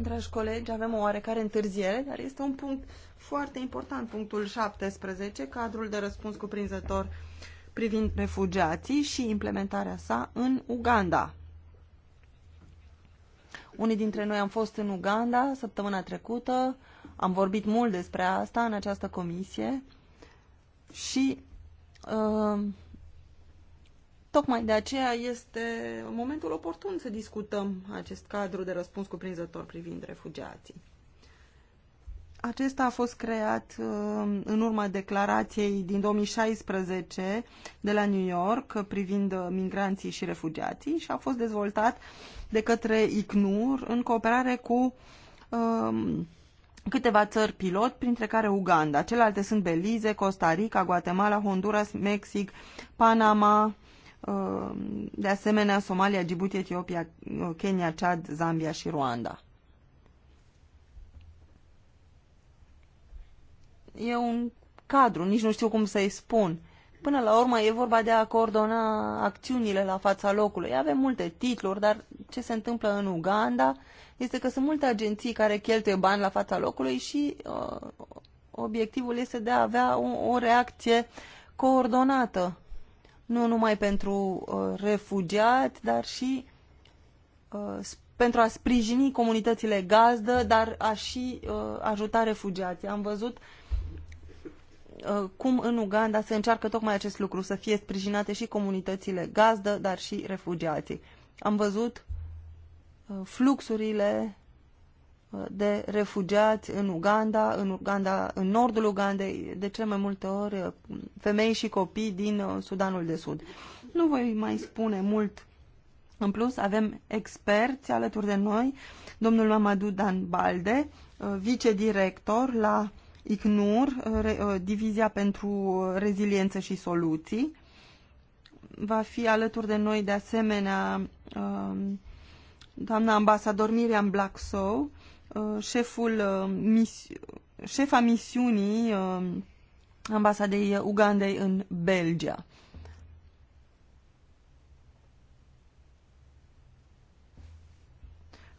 Dragi colegi, avem o oarecare întârziere, dar este un punct foarte important, punctul 17, cadrul de răspuns cuprinzător privind refugiații și implementarea sa în Uganda. Unii dintre noi am fost în Uganda săptămâna trecută, am vorbit mult despre asta în această comisie și uh, Tocmai de aceea este momentul oportun să discutăm acest cadru de răspuns cuprinzător privind refugiații. Acesta a fost creat um, în urma declarației din 2016 de la New York privind uh, migranții și refugiații și a fost dezvoltat de către ICNUR în cooperare cu um, câteva țări pilot, printre care Uganda. Celelalte sunt Belize, Costa Rica, Guatemala, Honduras, Mexic, Panama, Um, de asemenea Somalia, Djibouti, Etiopia, Kenya, Chad, Zambia și Rwanda. E un cadru, nici nu știu cum să-i spun. Până la urmă e vorba de a coordona acțiunile la fața locului. Avem multe titluri, dar ce se întâmplă în Uganda este că sunt multe agenții care cheltuie bani la fața locului și uh, obiectivul este de a avea o, o reacție coordonată nu numai pentru uh, refugiați, dar și uh, pentru a sprijini comunitățile gazdă, dar a și uh, ajuta refugiații. Am văzut uh, cum în Uganda se încearcă tocmai acest lucru, să fie sprijinate și comunitățile gazdă, dar și refugiații. Am văzut uh, fluxurile de refugiați în Uganda, în, Uganda, în nordul Ugandei, de cele mai multe ori uh, femei și copii din uh, Sudanul de Sud. Nu voi mai spune mult în plus, avem experți alături de noi, domnul Mamadou Dan Balde, uh, vicedirector la ICNUR, Divizia pentru Reziliență și Soluții. Va fi alături de noi, de asemenea, doamna ambasador Miriam Blacksow, Uh, șeful, uh, mis, șefa misiunii uh, ambasadei Ugandei în Belgia.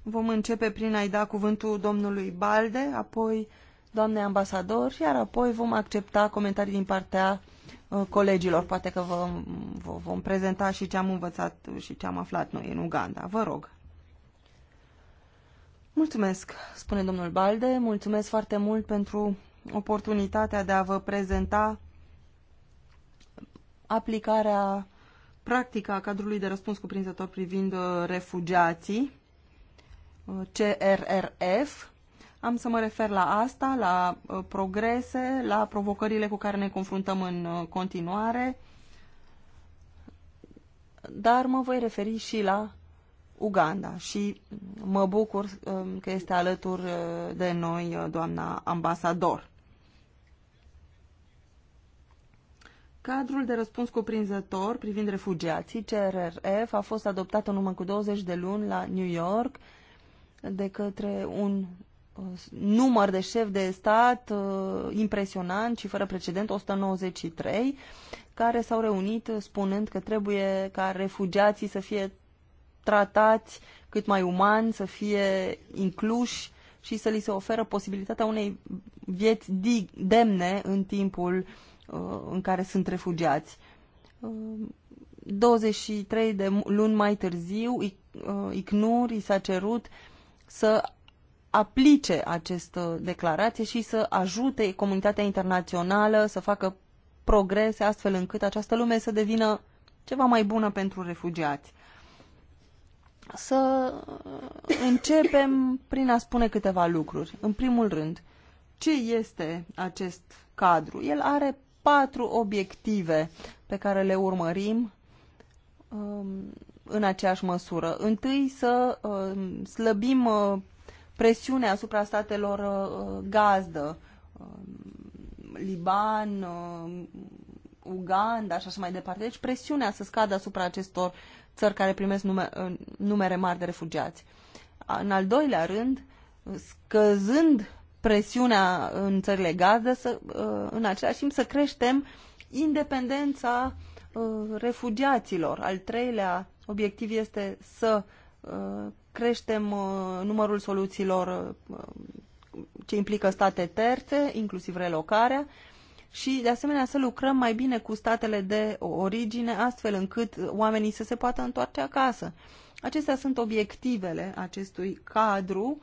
Vom începe prin a-i da cuvântul domnului Balde, apoi doamnei ambasador, iar apoi vom accepta comentarii din partea colegilor. Poate că vă, vă vom prezenta și ce am învățat și ce am aflat noi în Uganda. Vă rog. Mulțumesc, spune domnul Balde, mulțumesc foarte mult pentru oportunitatea de a vă prezenta aplicarea practică a cadrului de răspuns cuprinzător privind uh, refugiații, uh, CRRF. Am să mă refer la asta, la uh, progrese, la provocările cu care ne confruntăm în continuare, dar mă voi referi și la Uganda și mă bucur um, că este alături uh, de noi uh, doamna ambasador. Cadrul de răspuns cuprinzător privind refugiații, CRRF, a fost adoptat în urmă cu 20 de luni la New York de către un uh, număr de șef de stat impresionant și fără precedent, 193, care s-au reunit spunând că trebuie ca refugiații să fie tratați cât mai uman, să fie incluși și să li se oferă posibilitatea unei vieți demne în timpul uh, în care sunt refugiați. 23 uh, de luni mai târziu, uh, ICNUR i s-a cerut să aplice această declarație și să ajute comunitatea internațională să facă progrese astfel încât această lume să devină ceva mai bună pentru refugiați să uh, începem prin a spune câteva lucruri. În primul rând, ce este acest cadru? El are patru obiective pe care le urmărim um, în aceeași măsură. Întâi să um, slăbim uh, presiunea asupra statelor uh, gazdă, um, Liban, uh, Uganda și așa mai departe. Deci presiunea să scadă asupra acestor țări care primesc nume, uh, numere mari de refugiați. În al doilea rând, scăzând presiunea în țările gazdă, să, uh, în același timp să creștem independența uh, refugiaților. Al treilea obiectiv este să creștem numărul soluțiilor ce implică state terțe, inclusiv relocarea, și, de asemenea, să lucrăm mai bine cu statele de origine, astfel încât oamenii să se poată întoarce acasă. Acestea sunt obiectivele acestui cadru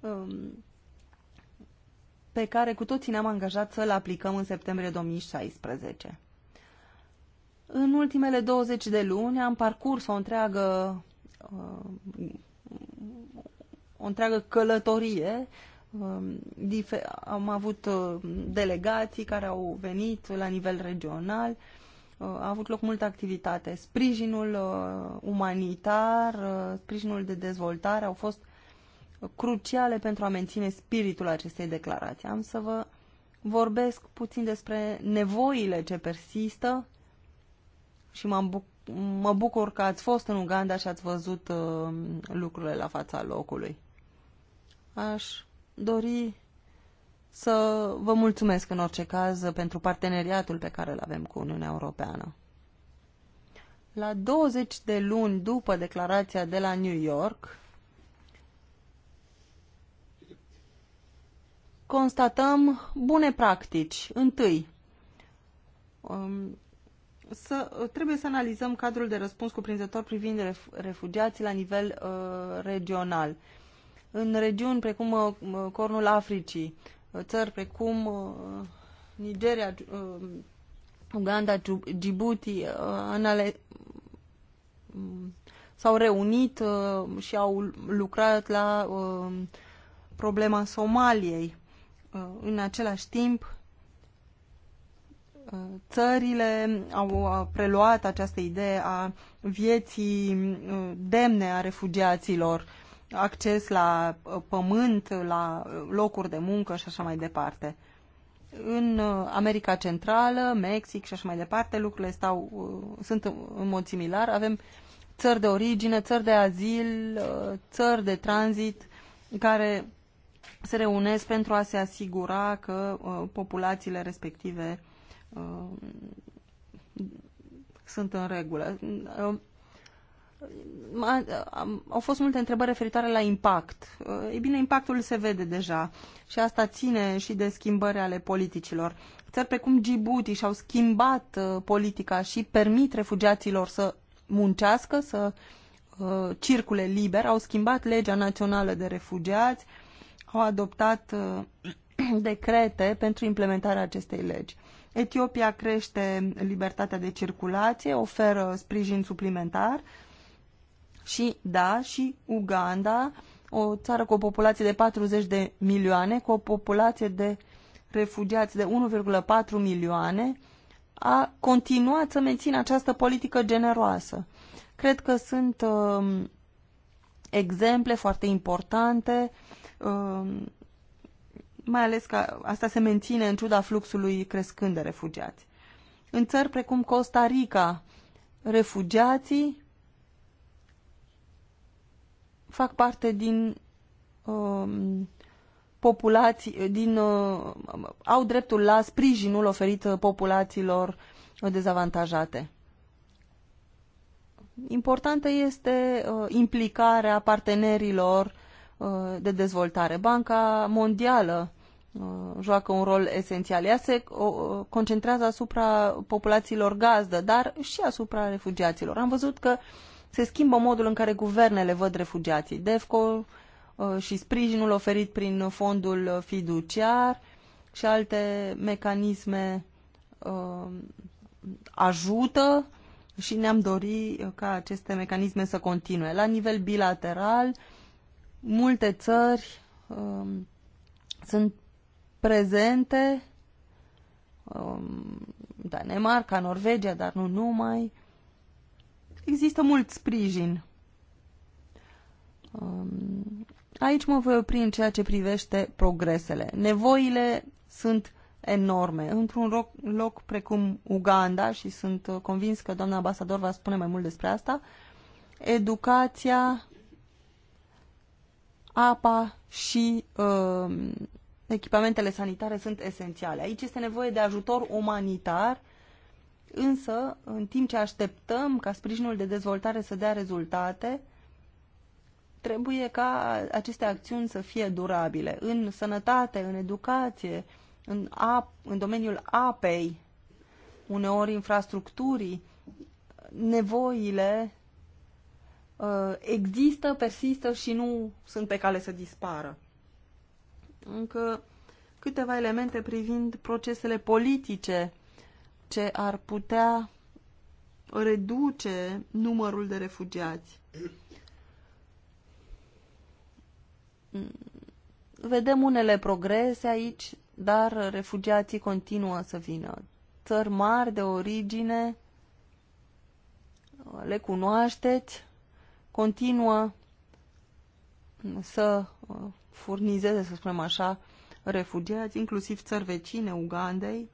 um, pe care cu toții ne-am angajat să-l aplicăm în septembrie 2016. În ultimele 20 de luni am parcurs o întreagă, um, o întreagă călătorie Um, am avut uh, delegații care au venit la nivel regional, uh, a avut loc multă activitate. Sprijinul uh, umanitar, sprijinul de dezvoltare au fost cruciale pentru a menține spiritul acestei declarații. Am să vă vorbesc puțin despre nevoile ce persistă și m-am bucurat. mă bucur că ați fost în Uganda și ați văzut uh, lucrurile la fața locului. Aș dori să vă mulțumesc în orice caz pentru parteneriatul pe care îl avem cu Uniunea Europeană. La 20 de luni după declarația de la New York, constatăm bune practici. Întâi, um, să, trebuie să analizăm cadrul de răspuns cuprinzător privind refugiații la nivel uh, regional. Uh, în regiuni precum uh, uh, Cornul Africii, uh, țări precum Nigeria, Uganda, Djibouti, ale mm, s-au reunit și au lucrat la problema Somaliei. În același timp, țările au preluat această idee a vieții mm, demne a refugiaților acces la uh, pământ, la uh, locuri de muncă și așa mai departe. În uh, America Centrală, Mexic și așa mai departe, lucrurile stau, sunt în mod similar. Avem țări de origine, țări de azil, țări de tranzit care se reunesc pentru a se asigura că populațiile respective sunt în regulă au fost multe întrebări referitoare la impact. E bine, impactul se vede deja și asta ține și de schimbări ale politicilor. Țări precum Djibouti și-au schimbat uh, politica și permit refugiaților să muncească, să uh, circule liber, au schimbat legea națională de refugiați, au adoptat uh, decrete pentru implementarea acestei legi. Etiopia crește libertatea de circulație, oferă sprijin suplimentar, și da, și Uganda, o țară cu o populație de 40 de milioane, cu o populație de refugiați de 1,4 milioane, a continuat să mențină această politică generoasă. Cred că sunt uh, exemple foarte importante, uh, mai ales că asta se menține în ciuda fluxului crescând de refugiați. În țări precum Costa Rica, refugiații fac parte din um, populații, din, uh, au dreptul la sprijinul oferit uh, populațiilor dezavantajate. Importantă este uh, implicarea partenerilor de dezvoltare. Banca Mondială joacă un rol esențial. Ea se concentrează asupra populațiilor gazdă, dar și asupra refugiaților. Am văzut că uh, se schimbă modul în care guvernele văd refugiații. DEFCO uh, și sprijinul oferit prin fondul fiduciar și alte mecanisme uh, ajută și ne-am dori uh, ca aceste mecanisme să continue. La nivel bilateral, multe țări um, sunt prezente, um, Danemarca, Norvegia, dar nu numai, Există mult sprijin. Um, aici mă voi opri în ceea ce privește progresele. Nevoile sunt enorme. Într-un loc, loc precum Uganda, și sunt convins că doamna ambasador va spune mai mult despre asta, educația, apa și uh, echipamentele sanitare sunt esențiale. Aici este nevoie de ajutor umanitar Însă, în timp ce așteptăm ca sprijinul de dezvoltare să dea rezultate, trebuie ca aceste acțiuni să fie durabile. În sănătate, în educație, în, ap, în domeniul apei, uneori infrastructurii, nevoile uh, există, persistă și nu sunt pe cale să dispară. Încă câteva elemente privind procesele politice ce ar putea reduce numărul de refugiați. Vedem unele progrese aici, dar refugiații continuă să vină. Țări mari de origine, le cunoașteți, continuă să uh, furnizeze, să spunem așa, refugiați, inclusiv țări vecine Ugandei,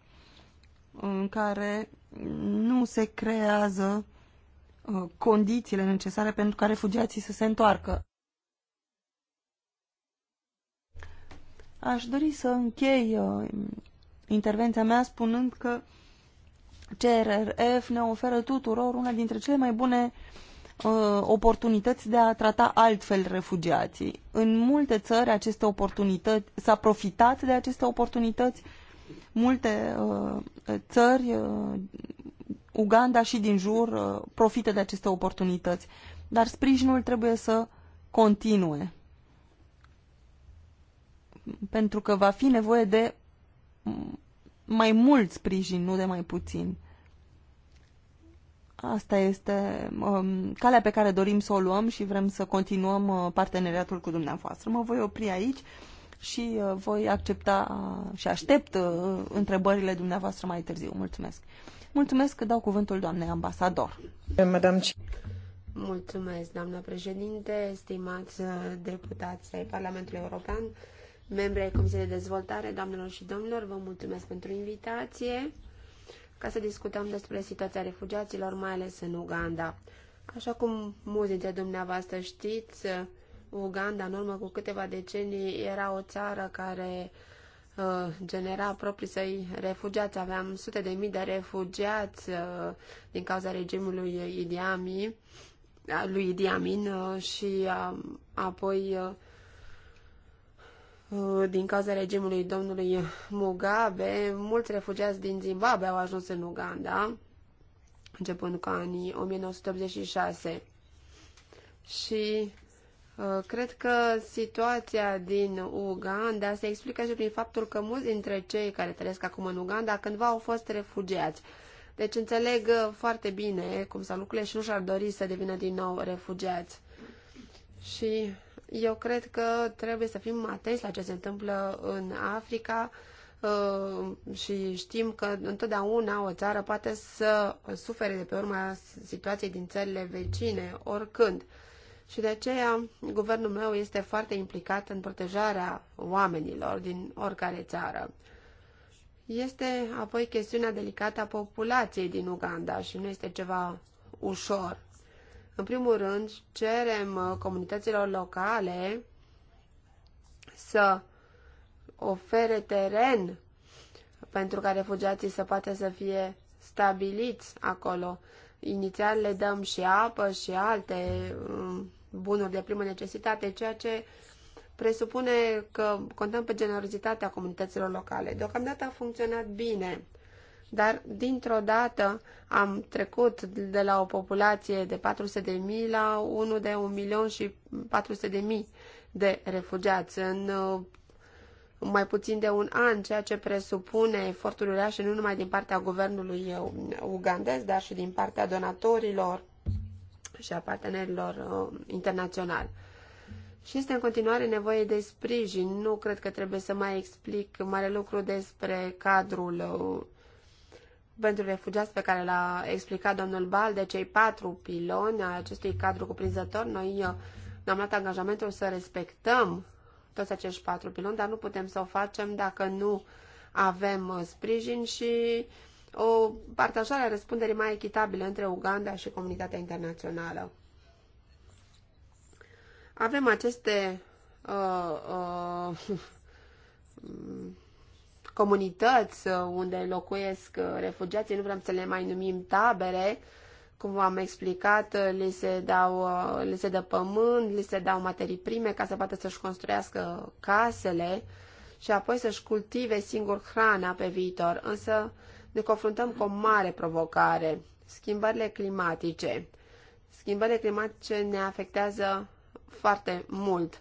în care nu se creează uh, condițiile necesare pentru ca refugiații să se întoarcă. Aș dori să închei uh, intervenția mea spunând că CRRF ne oferă tuturor una dintre cele mai bune uh, oportunități de a trata altfel refugiații. În multe țări aceste oportunități s-a profitat de aceste oportunități Multe uh, țări, uh, Uganda și din jur, uh, profită de aceste oportunități, dar sprijinul trebuie să continue pentru că va fi nevoie de mai mult sprijin, nu de mai puțin. Asta este um, calea pe care dorim să o luăm și vrem să continuăm uh, parteneriatul cu dumneavoastră. Mă voi opri aici și uh, voi accepta uh, și aștept uh, întrebările dumneavoastră mai târziu. Mulțumesc. Mulțumesc că dau cuvântul doamnei ambasador. Madame... Mulțumesc, doamna președinte, stimați deputați ai Parlamentului European, membri ai Comisiei de Dezvoltare, doamnelor și domnilor, vă mulțumesc pentru invitație ca să discutăm despre situația refugiaților, mai ales în Uganda. Așa cum mulți dintre dumneavoastră știți, Uganda, în urmă cu câteva decenii, era o țară care uh, genera proprii săi refugiați. Aveam sute de mii de refugiați uh, din cauza regimului Idi Amin, uh, lui Idi Amin uh, și uh, apoi uh, din cauza regimului domnului Mugabe, mulți refugiați din Zimbabwe au ajuns în Uganda, începând cu anii 1986. Și Uh, cred că situația din Uganda se explică și prin faptul că mulți dintre cei care trăiesc acum în Uganda cândva au fost refugiați. Deci înțeleg uh, foarte bine cum s-au lucrurile și nu și-ar dori să devină din nou refugiați. Și eu cred că trebuie să fim atenți la ce se întâmplă în Africa uh, și știm că întotdeauna o țară poate să sufere de pe urma situației din țările vecine, oricând. Și de aceea, guvernul meu este foarte implicat în protejarea oamenilor din oricare țară. Este apoi chestiunea delicată a populației din Uganda și nu este ceva ușor. În primul rând, cerem uh, comunităților locale să ofere teren pentru ca refugiații să poată să fie stabiliți acolo. Inițial le dăm și apă și alte um, bunuri de primă necesitate, ceea ce presupune că contăm pe generozitatea comunităților locale. Deocamdată a funcționat bine, dar dintr-o dată am trecut de la o populație de 400 de mii la unul de 1 milion și 400 de mii de refugiați în uh, mai puțin de un an, ceea ce presupune eforturile și nu numai din partea guvernului uh, ugandez, dar și din partea donatorilor și a partenerilor uh, internaționali. Și este în continuare nevoie de sprijin. Nu cred că trebuie să mai explic mare lucru despre cadrul uh, pentru refugiați pe care l-a explicat domnul Bal, de cei patru piloni a acestui cadru cuprinzător. Noi uh, ne-am luat angajamentul să respectăm toți acești patru piloni, dar nu putem să o facem dacă nu avem uh, sprijin și uh, o partajare a răspunderii mai echitabile între Uganda și comunitatea internațională. Avem aceste uh, uh, comunități uh, unde locuiesc uh, refugiații, nu vrem să le mai numim tabere, cum v-am explicat, uh, li se, dau, li se dă pământ, li se dau materii prime ca să poată să-și construiască casele și apoi să-și cultive singur hrana pe viitor. Însă ne confruntăm cu o mare provocare, schimbările climatice. Schimbările climatice ne afectează foarte mult.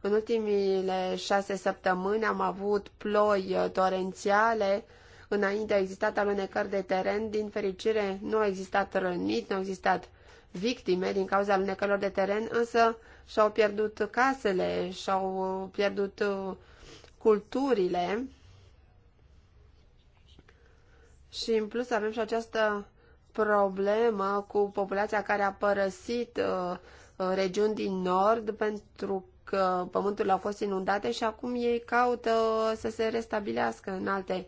În ultimile șase săptămâni am avut ploi torențiale, înainte a existat alunecări de teren, din fericire nu a existat răniți, nu au existat victime din cauza alunecărilor de teren, însă și-au pierdut casele, și-au pierdut uh, culturile și în plus avem și această problemă cu populația care a părăsit uh, uh, regiuni din nord pentru că pământurile au fost inundate și acum ei caută uh, să se restabilească în alte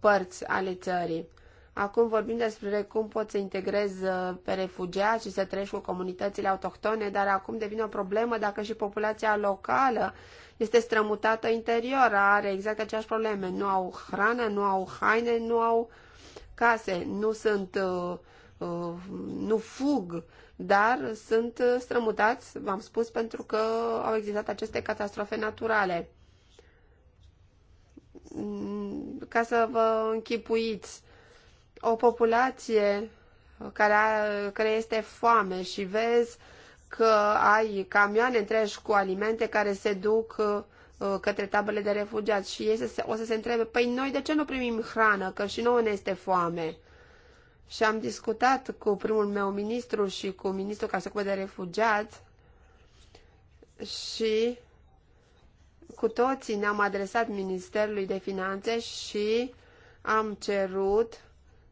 părți ale țării. Acum vorbim despre cum pot să integrez uh, pe refugiați și să trăiești cu comunitățile autohtone, dar acum devine o problemă dacă și populația locală este strămutată interior, are exact aceeași probleme. Nu au hrană, nu au haine, nu au uh, case, nu sunt, uh, uh, nu fug, dar sunt strămutați, v-am spus, pentru că au existat aceste catastrofe naturale. Mm, ca să vă închipuiți, o populație care, care este foame și vezi că ai camioane întregi cu alimente care se duc uh, Uh, către tabele de refugiați și ei se, o să se întrebe, păi noi de ce nu primim hrană, că și nouă ne este foame? Și am discutat cu primul meu ministru și cu ministrul care se ocupă de refugiați și cu toții ne-am adresat Ministerului de Finanțe și am cerut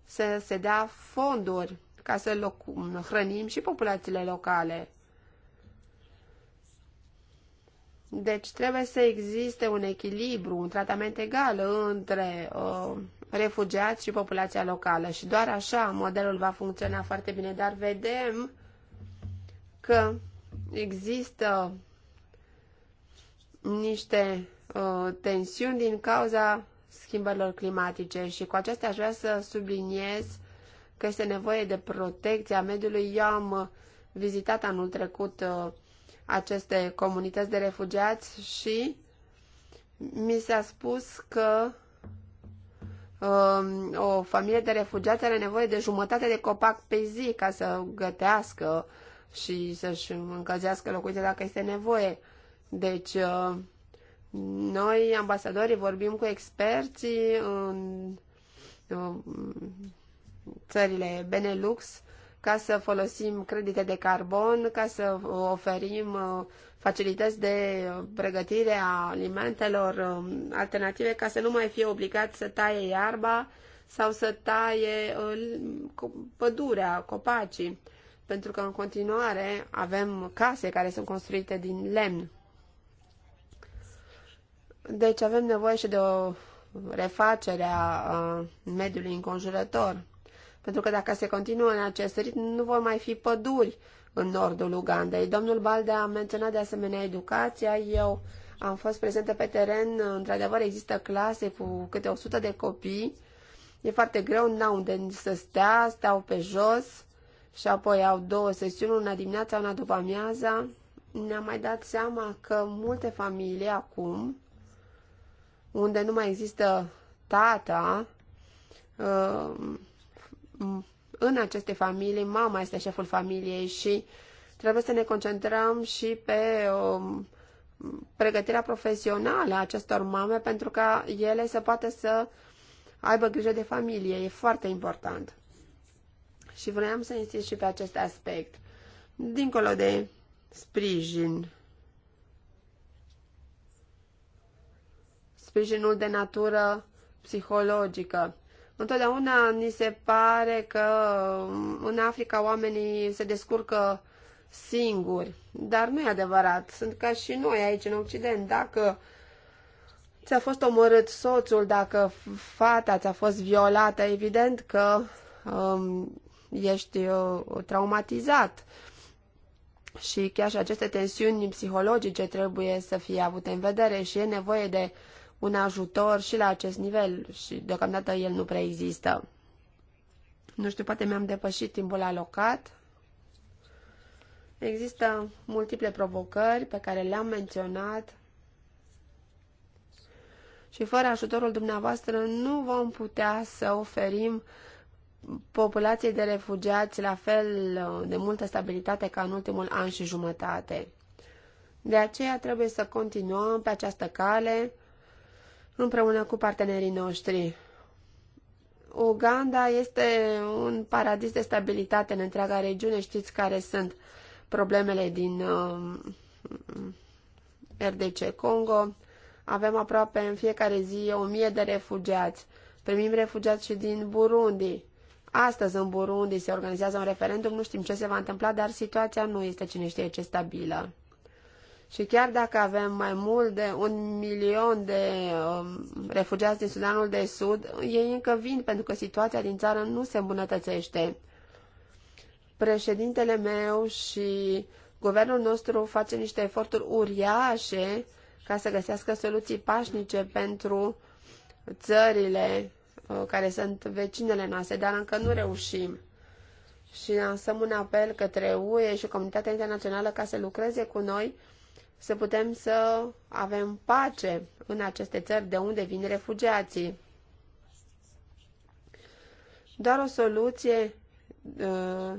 să se dea fonduri ca să hrănim și populațiile locale. Deci trebuie să existe un echilibru, un tratament egal între uh, refugiați și populația locală și doar așa modelul va funcționa foarte bine, dar vedem că există niște uh, tensiuni din cauza schimbărilor climatice și cu acestea aș vrea să subliniez că este nevoie de protecția mediului. Eu am vizitat anul trecut uh, aceste comunități de refugiați și mi s-a spus că um, o familie de refugiați are nevoie de jumătate de copac pe zi ca să gătească și să-și încălzească locuința dacă este nevoie. Deci, uh, noi, ambasadorii, vorbim cu experții în, în uh, țările Benelux ca să folosim credite de carbon, ca să oferim uh, facilități de pregătire a alimentelor um, alternative, ca să nu mai fie obligat să taie iarba sau să taie uh, pădurea, copacii, pentru că în continuare avem case care sunt construite din lemn. Deci avem nevoie și de o refacere a uh, mediului înconjurător pentru că dacă se continuă în acest ritm, nu vor mai fi păduri în nordul Ugandei. Domnul Balde a menționat de asemenea educația. Eu am fost prezentă pe teren, într-adevăr există clase cu câte 100 de copii. E foarte greu, n-au unde să stea, stau pe jos și apoi au două sesiuni, una dimineața, una după amiaza. Ne-am mai dat seama că multe familii acum, unde nu mai există tata, uh, în aceste familii mama este șeful familiei și trebuie să ne concentrăm și pe um, pregătirea profesională a acestor mame pentru ca ele să poată să aibă grijă de familie. E foarte important. Și vreau să insist și pe acest aspect. Dincolo de sprijin, sprijinul de natură psihologică, Întotdeauna ni se pare că în Africa oamenii se descurcă singuri, dar nu e adevărat. Sunt ca și noi aici în Occident. Dacă ți-a fost omorât soțul, dacă fata ți-a fost violată, evident că um, ești uh, traumatizat. Și chiar și aceste tensiuni psihologice trebuie să fie avute în vedere și e nevoie de un ajutor și la acest nivel și deocamdată el nu prea există. Nu știu, poate mi-am depășit timpul alocat. Există multiple provocări pe care le-am menționat și fără ajutorul dumneavoastră nu vom putea să oferim populației de refugiați la fel de multă stabilitate ca în ultimul an și jumătate. De aceea trebuie să continuăm pe această cale împreună cu partenerii noștri. Uganda este un paradis de stabilitate în întreaga regiune. Știți care sunt problemele din uh, um, RDC Congo. Avem aproape în fiecare zi o mie de refugiați. Primim refugiați și din Burundi. Astăzi în Burundi se organizează un referendum, nu știm ce se va întâmpla, dar situația nu este cine știe ce stabilă. Și chiar dacă avem mai mult de un milion de um, refugiați din Sudanul de Sud, ei încă vin pentru că situația din țară nu se îmbunătățește. Președintele meu și guvernul nostru face niște eforturi uriașe ca să găsească soluții pașnice pentru țările uh, care sunt vecinele noastre, dar încă nu reușim. Și lansăm un apel către UE și comunitatea internațională ca să lucreze cu noi să putem să avem pace în aceste țări de unde vin refugiații. Doar o soluție uh,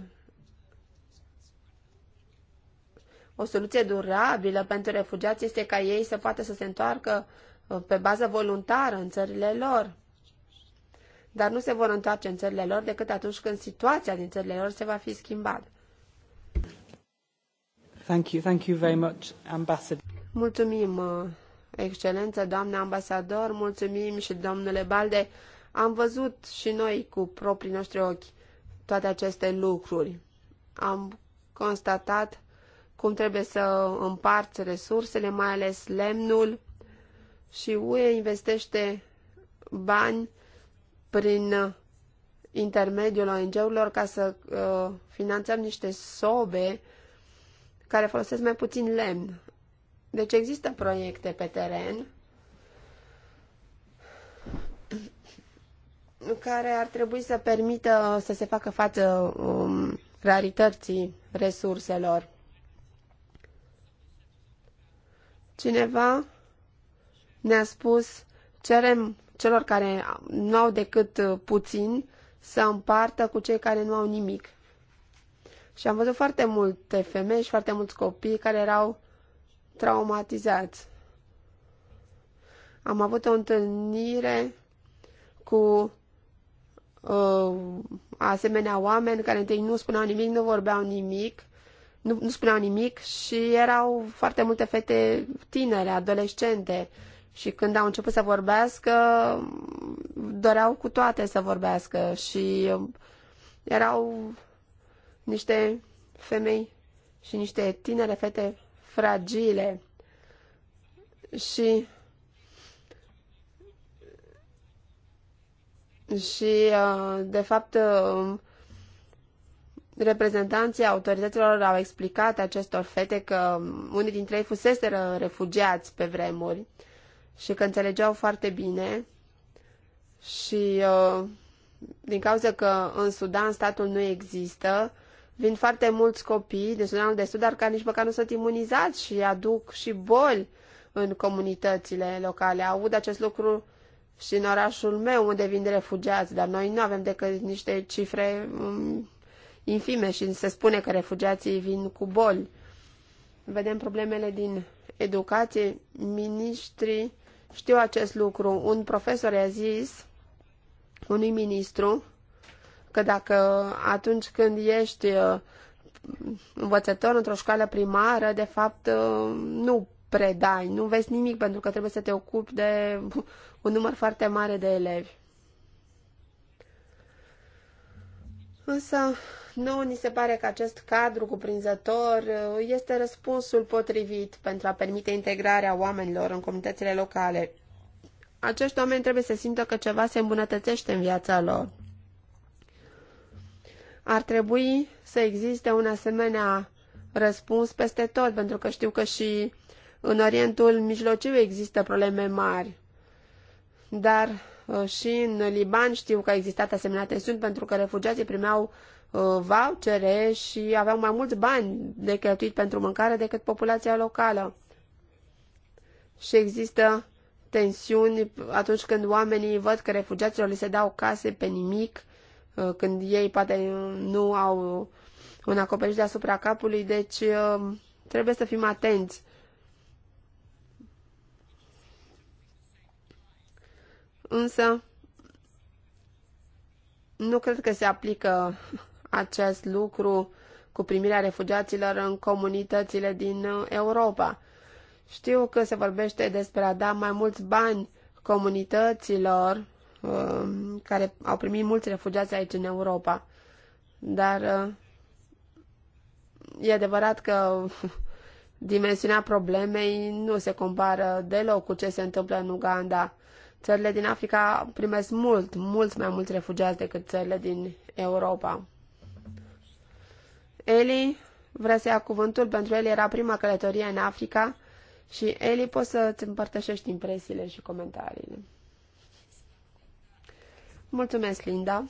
o soluție durabilă pentru refugiații este ca ei să poată să se întoarcă uh, pe bază voluntară în țările lor. Dar nu se vor întoarce în țările lor decât atunci când situația din țările lor se va fi schimbat. Mulțumim, uh, excelență, doamnă ambasador, mulțumim și domnule Balde. Am văzut și noi cu proprii noștri ochi toate aceste lucruri. Am constatat cum trebuie să împarți resursele, mai ales lemnul, și UE investește bani prin intermediul ONG-urilor ca să uh, finanțăm niște sobe care folosesc mai puțin lemn. Deci există proiecte pe teren care ar trebui să permită să se facă față um, rarității resurselor. Cineva ne-a spus, cerem celor care nu au decât puțin să împartă cu cei care nu au nimic. Și am văzut foarte multe femei și foarte mulți copii care erau traumatizați. Am avut o întâlnire cu uh, asemenea oameni care întâi nu spuneau nimic, nu vorbeau nimic, nu, nu spuneau nimic și erau foarte multe fete tinere, adolescente. Și când au început să vorbească, doreau cu toate să vorbească și uh, erau niște femei și niște tinere fete fragile și și uh, de fapt uh, reprezentanții autorităților au explicat acestor fete că um, unii dintre ei fuseseră refugiați pe vremuri și că înțelegeau foarte bine și uh, din cauza că în Sudan statul nu există, Vin foarte mulți copii din Sudanul de Sud, dar care nici măcar nu sunt imunizați și aduc și boli în comunitățile locale. Aud acest lucru și în orașul meu, unde vin refugiați, dar noi nu avem decât niște cifre um, infime și se spune că refugiații vin cu boli. Vedem problemele din educație. Ministrii știu acest lucru. Un profesor i-a zis unui ministru că dacă atunci când ești uh, învățător într-o școală primară, de fapt uh, nu predai, nu vezi nimic pentru că trebuie să te ocupi de un număr foarte mare de elevi. Însă, nu ni se pare că acest cadru cuprinzător uh, este răspunsul potrivit pentru a permite integrarea oamenilor în comunitățile locale. Acești oameni trebuie să simtă că ceva se îmbunătățește în viața lor, ar trebui să existe un asemenea răspuns peste tot, pentru că știu că și în Orientul Mijlociu există probleme mari. Dar uh, și în Liban știu că a existat asemenea tensiuni pentru că refugiații primeau uh, vouchere și aveau mai mulți bani de cheltuit pentru mâncare decât populația locală. Și există tensiuni atunci când oamenii văd că refugiaților li se dau case pe nimic Uh, când ei poate nu au un acoperiș deasupra capului, deci uh, trebuie să fim atenți. Însă, nu cred că se aplică acest lucru cu primirea refugiaților în comunitățile din uh, Europa. Știu că se vorbește despre a da mai mulți bani comunităților Uh, care au primit mulți refugiați aici în Europa. Dar uh, e adevărat că dimensiunea problemei nu se compară deloc cu ce se întâmplă în Uganda. Țările din Africa primesc mult, mult mai mulți refugiați decât țările din Europa. Eli vrea să ia cuvântul, pentru el era prima călătorie în Africa și Eli poți să-ți împărtășești impresiile și comentariile. Mulțumesc, Linda.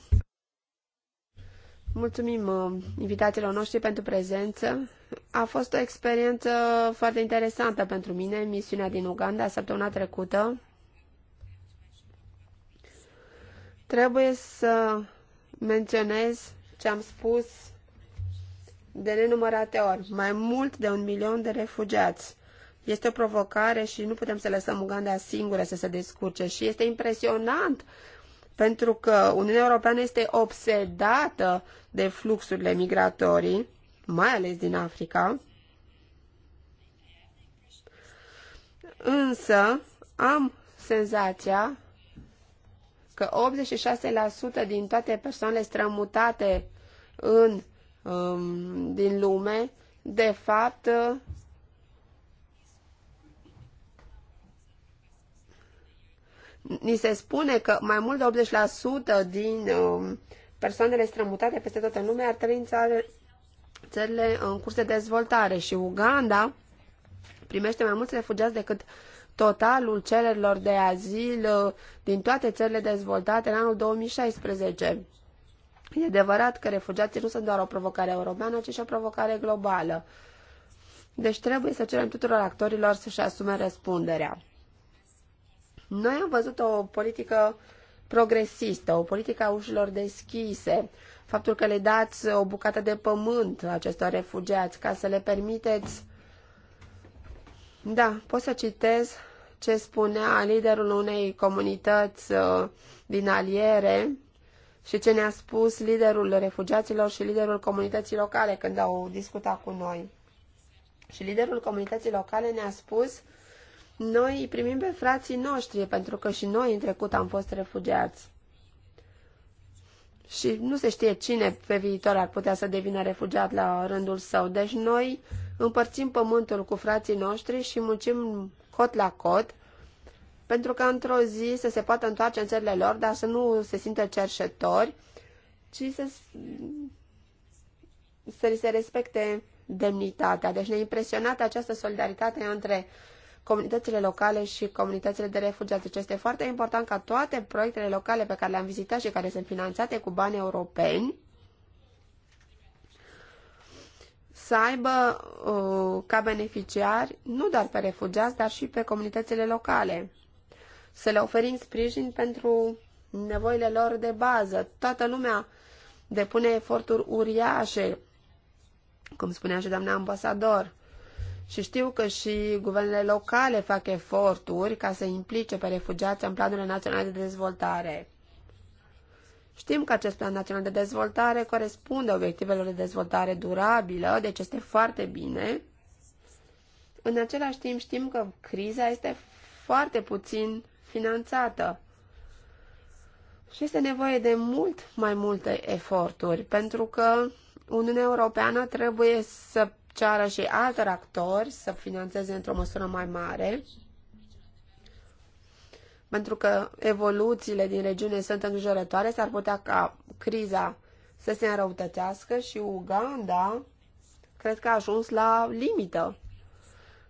Mulțumim uh, invitațiilor noștri pentru prezență. A fost o experiență foarte interesantă pentru mine, misiunea din Uganda săptămâna trecută. Trebuie să menționez ce am spus de nenumărate ori. Mai mult de un milion de refugiați. Este o provocare și nu putem să lăsăm Uganda singură să se descurce și este impresionant pentru că Uniunea Europeană este obsedată de fluxurile migratorii, mai ales din Africa. Însă am senzația că 86% din toate persoanele strămutate în, um, din lume, de fapt, Ni se spune că mai mult de 80% din um, persoanele strămutate peste toată lumea ar trăi în țară, țările în curs de dezvoltare și Uganda primește mai mulți refugiați decât totalul cererilor de azil uh, din toate țările dezvoltate în anul 2016. E adevărat că refugiații nu sunt doar o provocare europeană, ci și o provocare globală. Deci trebuie să cerem tuturor actorilor să-și asume răspunderea. Noi am văzut o politică progresistă, o politică a ușilor deschise, faptul că le dați o bucată de pământ acestor refugiați ca să le permiteți. Da, pot să citez ce spunea liderul unei comunități uh, din aliere și ce ne-a spus liderul refugiaților și liderul comunității locale când au discutat cu noi. Și liderul comunității locale ne-a spus noi îi primim pe frații noștri, pentru că și noi în trecut am fost refugiați. Și nu se știe cine pe viitor ar putea să devină refugiat la rândul său. Deci noi împărțim pământul cu frații noștri și muncim cot la cot, pentru că într-o zi să se poată întoarce în țările lor, dar să nu se simtă cerșetori, ci să, să li se respecte demnitatea. Deci ne-a impresionat această solidaritate între comunitățile locale și comunitățile de refugiați. Deci este foarte important ca toate proiectele locale pe care le-am vizitat și care sunt finanțate cu bani europeni să aibă uh, ca beneficiari nu doar pe refugiați, dar și pe comunitățile locale. Să le oferim sprijin pentru nevoile lor de bază. Toată lumea depune eforturi uriașe, cum spunea și doamna ambasador, și știu că și guvernele locale fac eforturi ca să implice pe refugiați în planurile naționale de dezvoltare. Știm că acest plan național de dezvoltare corespunde obiectivelor de dezvoltare durabilă, deci este foarte bine. În același timp știm că criza este foarte puțin finanțată. Și este nevoie de mult mai multe eforturi, pentru că Uniunea Europeană trebuie să ceară și altor actori să financeze într-o măsură mai mare, pentru că evoluțiile din regiune sunt îngrijorătoare, s-ar putea ca criza să se înrăutățească și Uganda cred că a ajuns la limită.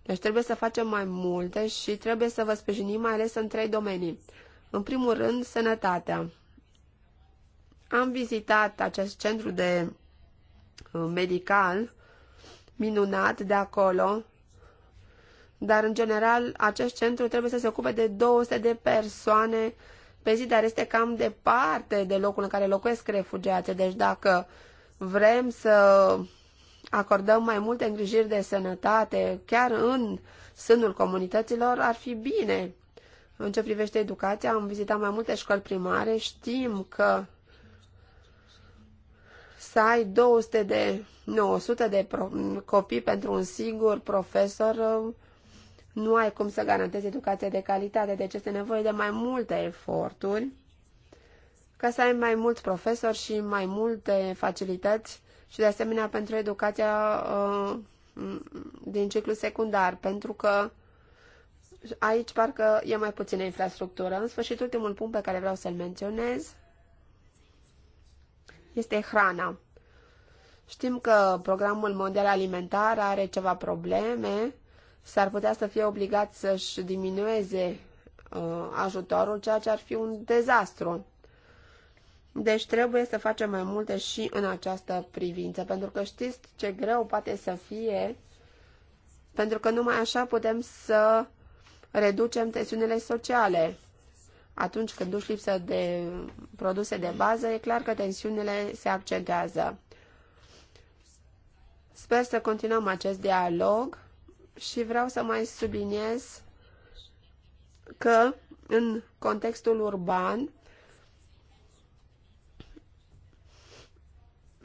Deci trebuie să facem mai multe și trebuie să vă sprijinim mai ales în trei domenii. În primul rând, sănătatea. Am vizitat acest centru de uh, medical minunat de acolo, dar în general acest centru trebuie să se ocupe de 200 de persoane pe zi, dar este cam departe de locul în care locuiesc refugiații. Deci dacă vrem să acordăm mai multe îngrijiri de sănătate chiar în sânul comunităților, ar fi bine. În ce privește educația, am vizitat mai multe școli primare, știm că să ai 200 de, 900 de pro, copii pentru un singur profesor, nu ai cum să garantezi educația de calitate, deci este nevoie de mai multe eforturi ca să ai mai mulți profesori și mai multe facilități și de asemenea pentru educația uh, din ciclu secundar, pentru că aici parcă e mai puțină infrastructură. În sfârșit, ultimul punct pe care vreau să-l menționez este hrana. Știm că programul mondial alimentar are ceva probleme, s-ar putea să fie obligat să-și diminueze uh, ajutorul, ceea ce ar fi un dezastru. Deci trebuie să facem mai multe și în această privință, pentru că știți ce greu poate să fie, pentru că numai așa putem să reducem tensiunile sociale atunci când duci lipsă de produse de bază, e clar că tensiunile se accentuează. Sper să continuăm acest dialog și vreau să mai subliniez că în contextul urban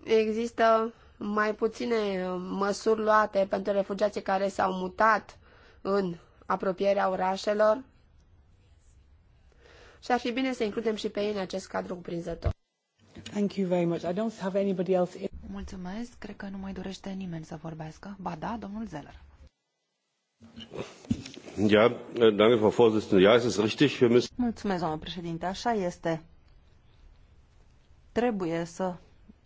există mai puține măsuri luate pentru refugiații care s-au mutat în apropierea orașelor și ar fi bine să includem și pe ei în acest cadru cuprinzător. Thank you very much. I don't have anybody else in... Mulțumesc. Cred că nu mai dorește nimeni să vorbească. Ba da, domnul Zeller. Ja, danke, Frau Vorsitzende. Ja, es ist richtig. Wir müssen... Mulțumesc, domnul președinte. Așa este. Trebuie să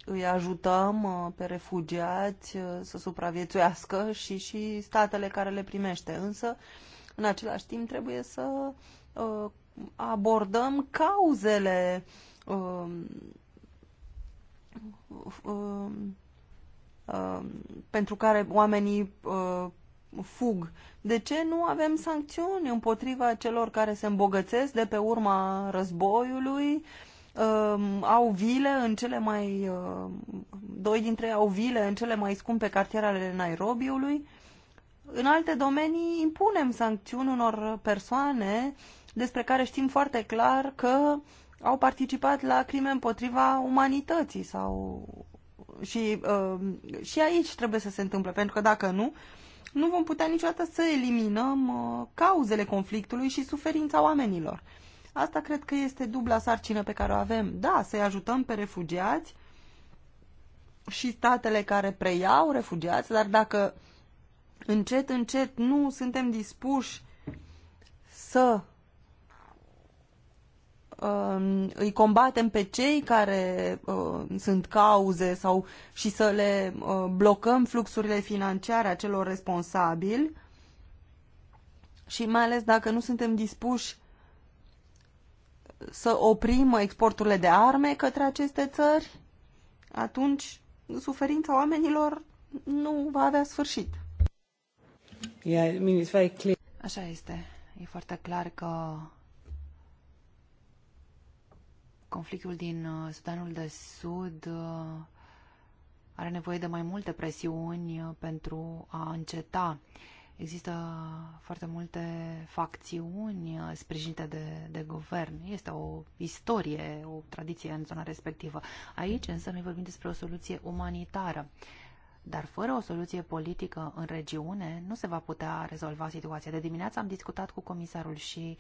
îi ajutăm uh, pe refugiați uh, să supraviețuiască și, și statele care le primește. Însă, în același timp, trebuie să uh, abordăm cauzele um, um, um, pentru care oamenii uh, fug. De ce nu avem sancțiuni împotriva celor care se îmbogățesc de pe urma războiului? Um, au vile în cele mai uh, doi dintre ei au vile în cele mai scumpe cartiere ale Nairobiului. În alte domenii impunem sancțiuni unor persoane despre care știm foarte clar că au participat la crime împotriva umanității sau și, uh, și aici trebuie să se întâmple, pentru că dacă nu, nu vom putea niciodată să eliminăm uh, cauzele conflictului și suferința oamenilor. Asta cred că este dubla sarcină pe care o avem. Da, să-i ajutăm pe refugiați și statele care preiau refugiați, dar dacă încet, încet nu suntem dispuși să uh, îi combatem pe cei care uh, sunt cauze sau și să le uh, blocăm fluxurile financiare a celor responsabili și mai ales dacă nu suntem dispuși să oprim exporturile de arme către aceste țări, atunci suferința oamenilor nu va avea sfârșit. Yeah, I mean, it's very clear. Așa este. E foarte clar că conflictul din uh, Sudanul de Sud uh, are nevoie de mai multe presiuni uh, pentru a înceta. Există foarte multe facțiuni sprijinite de, de guvern. Este o istorie, o tradiție în zona respectivă. Aici însă noi vorbim despre o soluție umanitară. Dar fără o soluție politică în regiune nu se va putea rezolva situația. De dimineață am discutat cu comisarul și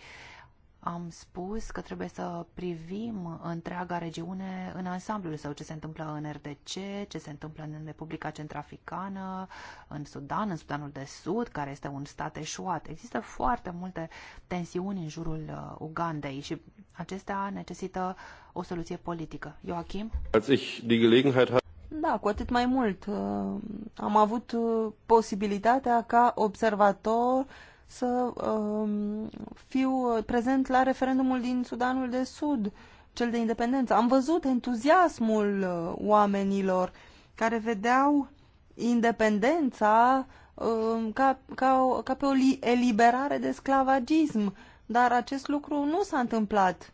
am spus că trebuie să privim întreaga regiune în ansamblul său, ce se întâmplă în RDC, ce se întâmplă în Republica Centrafricană, în Sudan, în Sudanul de Sud, care este un stat eșuat. Există foarte multe tensiuni în jurul uh, Ugandei și acestea necesită o soluție politică. Joachim? Da, cu atât mai mult. Uh, am avut uh, posibilitatea ca observator să um, fiu prezent la referendumul din Sudanul de Sud, cel de independență. Am văzut entuziasmul uh, oamenilor care vedeau independența um, ca, ca, ca pe o eliberare de sclavagism, dar acest lucru nu s-a întâmplat.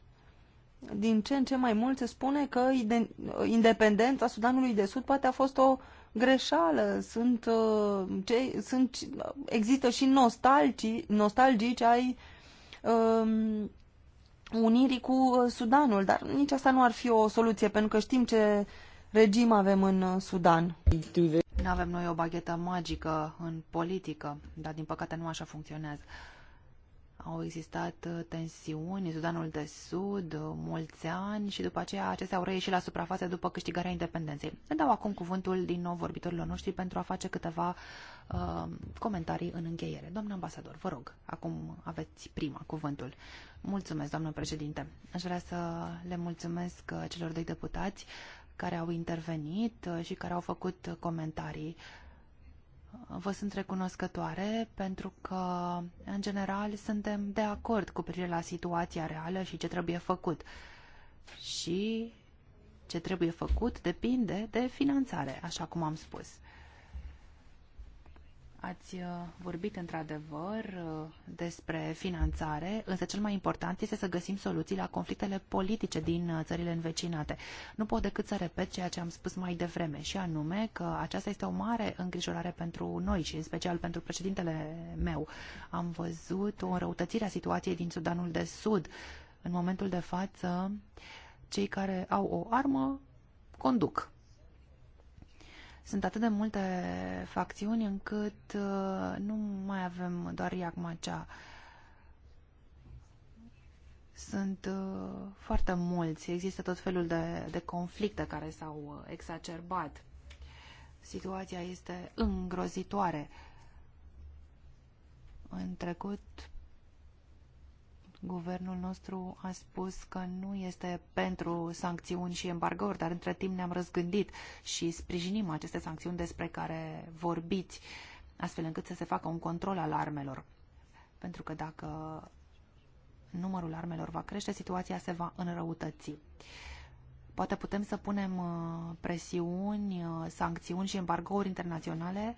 Din ce în ce mai mult se spune că uh, independența Sudanului de Sud poate a fost o uh, greșeală, sunt, uh, ce, sunt, există și nostalgii, ce ai um, unirii cu uh, Sudanul, dar nici asta nu ar fi o soluție, pentru că știm ce regim avem în uh, Sudan. Nu avem noi o baghetă magică în politică, dar din păcate nu așa funcționează. Au existat uh, tensiuni în Sudanul de Sud uh, mulți ani și după aceea acestea au reieșit la suprafață după câștigarea independenței. Le dau acum cuvântul din nou vorbitorilor noștri pentru a face câteva uh, comentarii în încheiere. Doamna ambasador, vă rog, acum aveți prima cuvântul. Mulțumesc, doamnă președinte. Aș vrea să le mulțumesc uh, celor doi deputați care au intervenit și care au făcut comentarii uh, Vă sunt recunoscătoare pentru că, în general, suntem de acord cu privire la situația reală și ce trebuie făcut. Și ce trebuie făcut depinde de finanțare, așa cum am spus. Ați uh, vorbit într-adevăr uh, despre finanțare, însă cel mai important este să găsim soluții la conflictele politice din uh, țările învecinate. Nu pot decât să repet ceea ce am spus mai devreme, și anume că aceasta este o mare îngrijorare pentru noi și în special pentru președintele meu. Am văzut o înrăutățire a situației din Sudanul de Sud. În momentul de față, cei care au o armă conduc sunt atât de multe facțiuni încât uh, nu mai avem doar cea, Sunt uh, foarte mulți, există tot felul de, de conflicte care s-au uh, exacerbat. Situația este îngrozitoare. În trecut, Guvernul nostru a spus că nu este pentru sancțiuni și embargouri, dar între timp ne-am răzgândit și sprijinim aceste sancțiuni despre care vorbiți, astfel încât să se facă un control al armelor. Pentru că dacă numărul armelor va crește, situația se va înrăutăți. Poate putem să punem uh, presiuni, uh, sancțiuni și embargouri internaționale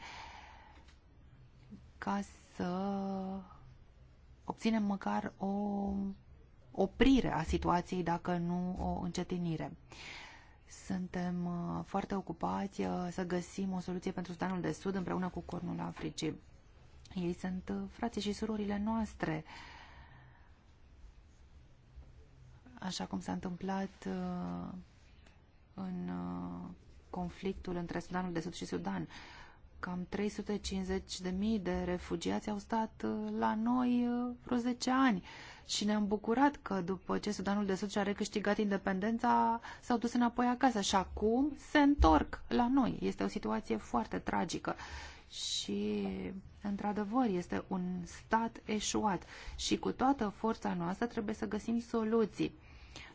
ca să obținem măcar o oprire a situației, dacă nu o încetinire. Suntem uh, foarte ocupați uh, să găsim o soluție pentru Sudanul de Sud împreună cu Cornul Africii. Ei sunt uh, frații și surorile noastre. Așa cum s-a întâmplat în conflictul între Sudanul de Sud și Sudan cam 350.000 de refugiați au stat uh, la noi uh, vreo 10 ani și ne-am bucurat că după ce Sudanul de Sud și-a recâștigat independența, s-au dus înapoi acasă și acum se întorc la noi. Este o situație foarte tragică și, într-adevăr, este un stat eșuat și cu toată forța noastră trebuie să găsim soluții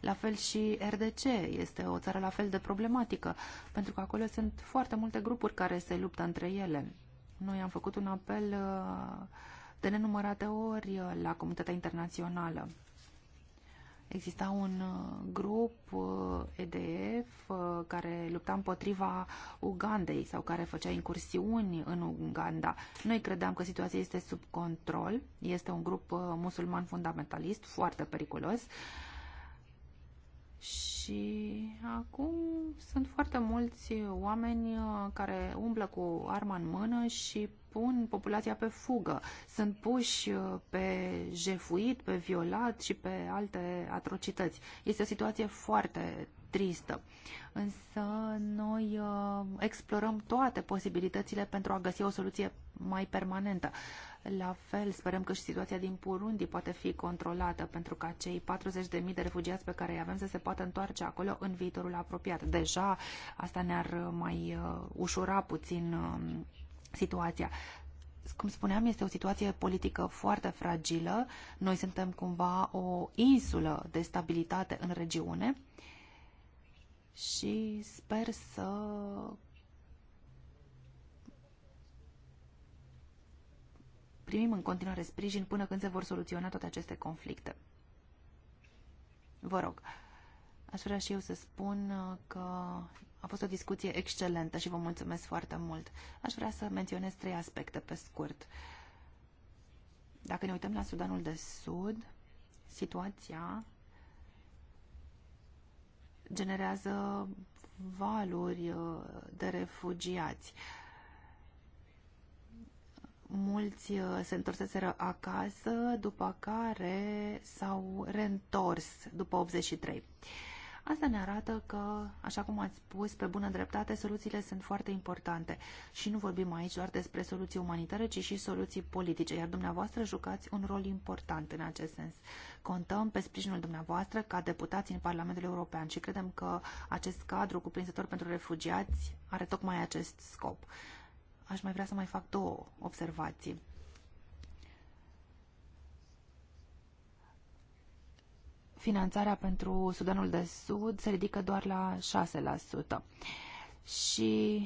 la fel și RDC este o țară la fel de problematică, pentru că acolo sunt foarte multe grupuri care se luptă între ele. Noi am făcut un apel uh, de nenumărate ori uh, la comunitatea internațională. Exista un uh, grup EDF care lupta împotriva Ugandei sau care făcea incursiuni în Uganda. Noi credeam că situația este sub control. Este un grup musulman fundamentalist foarte periculos și acum sunt foarte mulți oameni uh, care umblă cu arma în mână și pun populația pe fugă. Sunt puși uh, pe jefuit, pe violat și pe alte atrocități. Este o situație foarte tristă. Însă noi uh, explorăm toate posibilitățile pentru a găsi o soluție mai permanentă. La fel, sperăm că și situația din Purundi poate fi controlată pentru ca cei 40.000 de refugiați pe care îi avem să se poată întoarce acolo în viitorul apropiat. Deja asta ne-ar uh, mai uh, ușura puțin um, situația cum spuneam, este o situație politică foarte fragilă. Noi suntem cumva o insulă de stabilitate în regiune și sper să primim în continuare sprijin până când se vor soluționa toate aceste conflicte. Vă rog, aș vrea și eu să spun că a fost o discuție excelentă și vă mulțumesc foarte mult. Aș vrea să menționez trei aspecte pe scurt. Dacă ne uităm la Sudanul de Sud, situația generează valuri uh, de refugiați. Mulți uh, se întorseseră acasă, după care s-au reîntors după 83. Asta ne arată că, așa cum ați spus, pe bună dreptate, soluțiile sunt foarte importante și nu vorbim aici doar despre soluții umanitare, ci și soluții politice, iar dumneavoastră jucați un rol important în acest sens. Contăm pe sprijinul dumneavoastră ca deputați în Parlamentul European și credem că acest cadru cuprinzător pentru refugiați are tocmai acest scop. Aș mai vrea să mai fac două observații. finanțarea pentru Sudanul de Sud se ridică doar la 6%. Și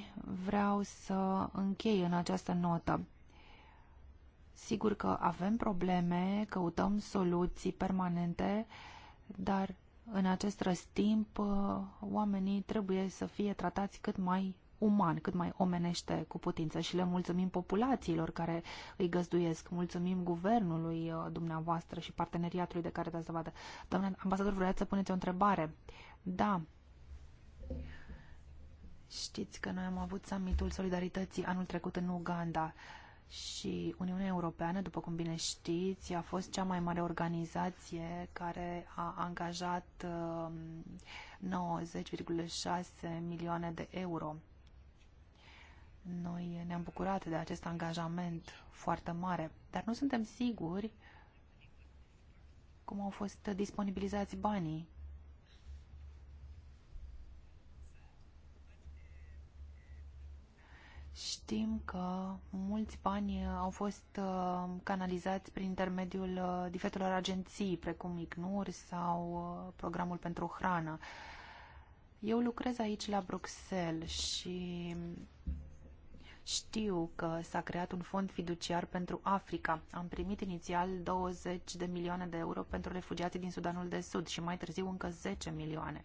vreau să închei în această notă. Sigur că avem probleme, căutăm soluții permanente, dar în acest răstimp oamenii trebuie să fie tratați cât mai uman, cât mai omenește cu putință și le mulțumim populațiilor care îi găzduiesc, mulțumim guvernului uh, dumneavoastră și parteneriatului de care dați dovadă. Doamne ambasador, vreau să puneți o întrebare. Da. Știți că noi am avut summitul Solidarității anul trecut în Uganda și Uniunea Europeană, după cum bine știți, a fost cea mai mare organizație care a angajat 90,6 um, milioane de euro noi ne-am bucurat de acest angajament foarte mare, dar nu suntem siguri cum au fost disponibilizați banii. Știm că mulți bani au fost uh, canalizați prin intermediul uh, diferitelor agenții, precum ICNUR sau uh, Programul pentru Hrană. Eu lucrez aici la Bruxelles și știu că s-a creat un fond fiduciar pentru Africa. Am primit inițial 20 de milioane de euro pentru refugiații din Sudanul de Sud și mai târziu încă 10 milioane.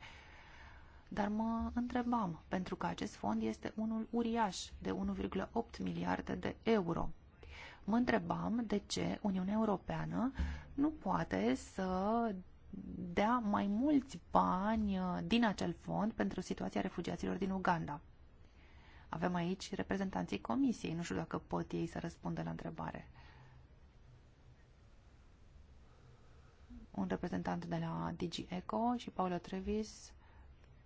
Dar mă întrebam, pentru că acest fond este unul uriaș de 1,8 miliarde de euro. Mă întrebam de ce Uniunea Europeană nu poate să dea mai mulți bani uh, din acel fond pentru situația refugiaților din Uganda. Avem aici reprezentanții comisiei. Nu știu dacă pot ei să răspundă la întrebare. Un reprezentant de la DigiEco și Paula Trevis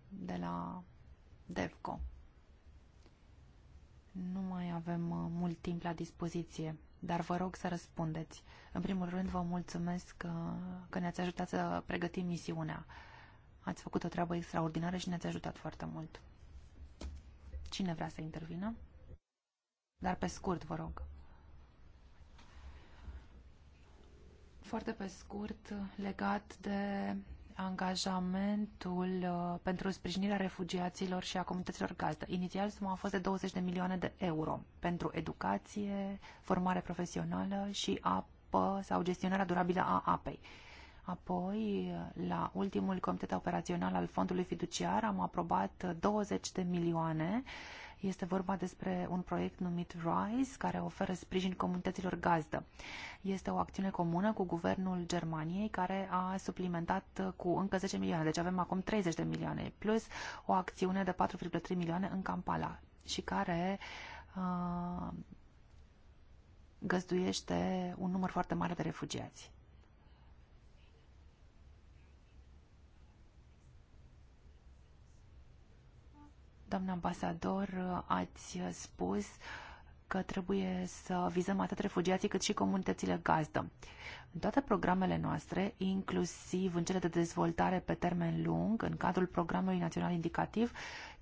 de la DevCo. Nu mai avem uh, mult timp la dispoziție, dar vă rog să răspundeți. În primul rând, vă mulțumesc că, uh, că ne-ați ajutat să pregătim misiunea. Ați făcut o treabă extraordinară și ne-ați ajutat foarte mult. Cine vrea să intervină? Dar pe scurt, vă rog. Foarte pe scurt, legat de angajamentul uh, pentru sprijinirea refugiaților și a comunităților gazdă. Inițial suma a fost de 20 de milioane de euro pentru educație, formare profesională și apă sau gestionarea durabilă a apei. Apoi, la ultimul comitet operațional al fondului fiduciar am aprobat 20 de milioane. Este vorba despre un proiect numit RISE, care oferă sprijin comunităților gazdă. Este o acțiune comună cu guvernul Germaniei, care a suplimentat cu încă 10 milioane, deci avem acum 30 de milioane, plus o acțiune de 4,3 milioane în Kampala și care uh, găzduiește un număr foarte mare de refugiați. Doamna ambasador, ați spus că trebuie să vizăm atât refugiații cât și comunitățile gazdă. În toate programele noastre, inclusiv în cele de dezvoltare pe termen lung, în cadrul programului național indicativ,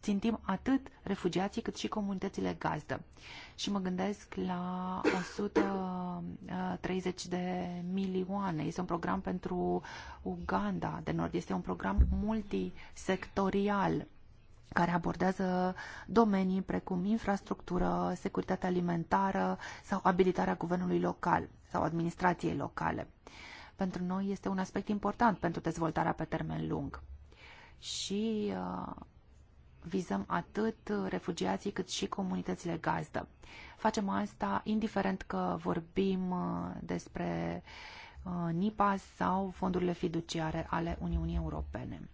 țintim atât refugiații cât și comunitățile gazdă. Și mă gândesc la 130 de milioane. Este un program pentru Uganda de Nord. Este un program multisectorial care abordează domenii precum infrastructură, securitate alimentară sau abilitarea guvernului local sau administrației locale. Pentru noi este un aspect important pentru dezvoltarea pe termen lung. Și uh, vizăm atât refugiații cât și comunitățile gazdă. Facem asta indiferent că vorbim uh, despre uh, NIPA sau fondurile fiduciare ale Uniunii Europene.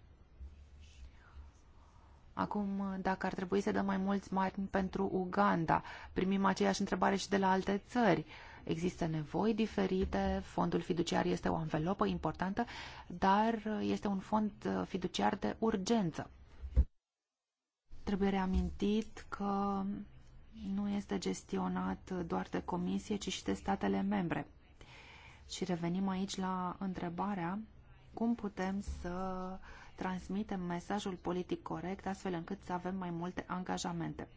Acum, dacă ar trebui să dăm mai mulți bani pentru Uganda, primim aceeași întrebare și de la alte țări. Există nevoi diferite, fondul fiduciar este o anvelopă importantă, dar este un fond fiduciar de urgență. Trebuie reamintit că nu este gestionat doar de comisie, ci și de statele membre. Și revenim aici la întrebarea cum putem să uh, transmitem mesajul politic corect, astfel încât să avem mai multe angajamente.